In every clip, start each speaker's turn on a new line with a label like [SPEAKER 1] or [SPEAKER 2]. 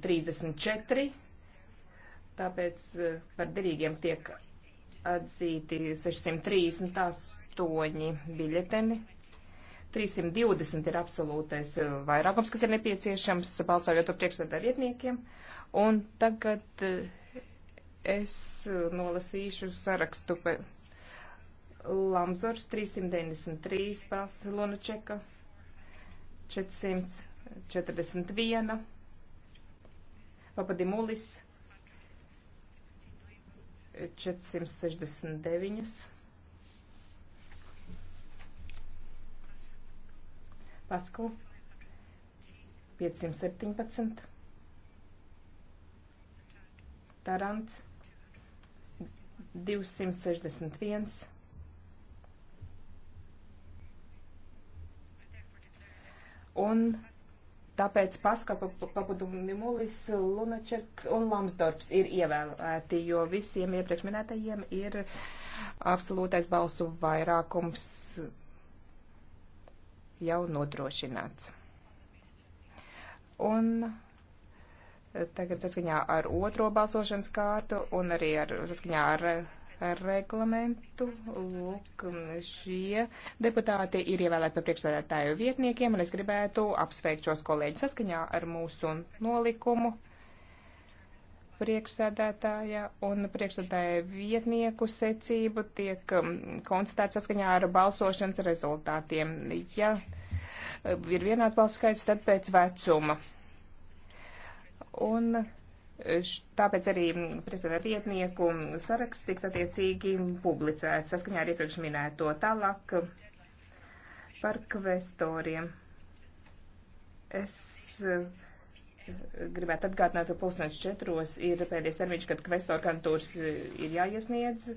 [SPEAKER 1] 34, tāpēc eh, par derīgiem tiek atzīti 638 biļeteni. 320 ir absolūtais eh, vairākums, kas ir nepieciešams, balsojot par priekšsēdā vietniekiem. Un tagad eh, es nolasīšu sarakstu. Lamzors 393, Pels Lunačeka 441. Papadimulis 469. Pasku 517. Tarants 261. Un tāpēc Paska Papadumimulis, Lunačeks un Lamsdorps ir ievēlēti, jo visiem iepriekš minētajiem ir absolūtais balsu vairākums jau nodrošināts. Un tagad saskaņā ar otro balsošanas kārtu un arī ar, saskaņā ar reglamentu. Lūk, šie deputāti ir ievēlēti par priekšsēdētāju vietniekiem, un es gribētu apsveikt šos kolēģus saskaņā ar mūsu nolikumu priekšsēdētāja un priekšsēdētāja vietnieku secību tiek um, konstatēts saskaņā ar balsošanas rezultātiem. Ja ir vienāds balsu skaits, tad pēc vecuma. Un Tāpēc arī prezidenta vietnieku saraksts tiks attiecīgi publicēts saskaņā ar iepriekš minēto. Tālāk par kvestoriem. Es eh, gribētu atgādināt, ka pusnakts četros ir pēdējais termiņš, kad kvestorkantūrs eh, ir jāiesniedz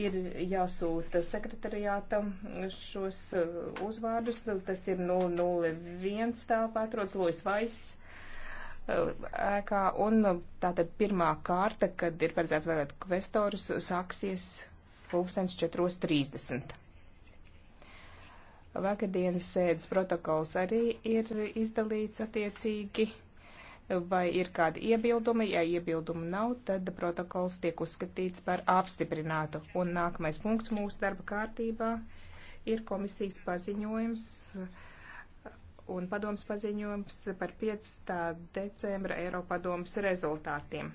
[SPEAKER 1] ir jāsūta sekretariātam šos uh, uzvārdus. Tas ir 001 nu, tālpā atrodas Lois Vaiss uh, ēkā. Un uh, tātad pirmā kārta, kad ir paredzēts vēlēt kvestorus, sāksies pulkstens 4.30. Vakardienas sēdes protokols arī ir izdalīts attiecīgi vai ir kādi iebildumi. Ja iebildumu nav, tad protokols tiek uzskatīts par apstiprinātu. Un nākamais punkts mūsu darba kārtībā ir komisijas paziņojums un padoms paziņojums par 15. decembra Eiropadomas rezultātiem.